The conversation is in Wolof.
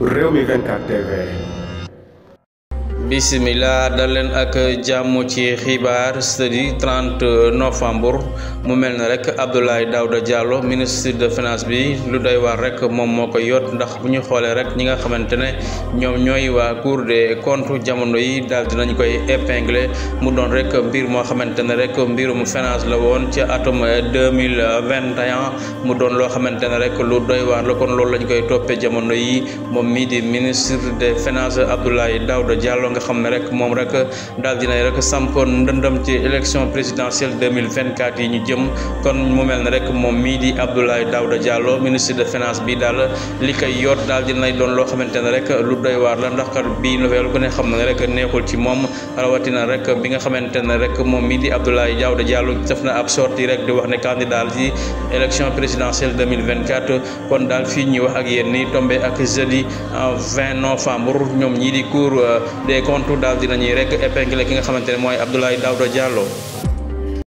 Rewmi 24 TV bisimila dal leen ak jàmm ci xibaar sedi 30 novembre mu mel ne rek Abdoulaye Daouda Diallo ministre de finance bi lu doy waar rek moom moo ko yot ndax bu ñu xoolee rek ñi nga xamante ne ñoom ñooy waa Cour de comptes jamono yi daal dinañ koy épingler mu doon rek mbir moo xamante ne rek mbirumu finance la woon ci atum 2021 mu doon loo xamante ne rek lu doy waar la kon loolu lañ koy toppee jamono yi moom mii di ministre des finances Abdoulaye Daouda Diallo nga xam ne rek moom rek daal dinay rek sampoon ndëndëm ci élection présidentielle 2024 yi ñu jëm kon mu mel ne rek moom mii di Abdoulaye Daouda Diallo ministre de finance bi daal li koy yor daal dinay doon loo xamante ne rek lu doy waar la ndax kat bii nouvelle ku ne xam ne rek neexul ci moom rawatina rek bi nga xamante ne rek moom mii di Abdoulaye Daouda Diallo def na ab sortie rek di wax ne candidat ci élection présidentielle kon daal fii ñuy wax ak yéen compte daal dinañuy rek épinglé ki nga xamante ne mooy Abdoulaye Daouda Diallo.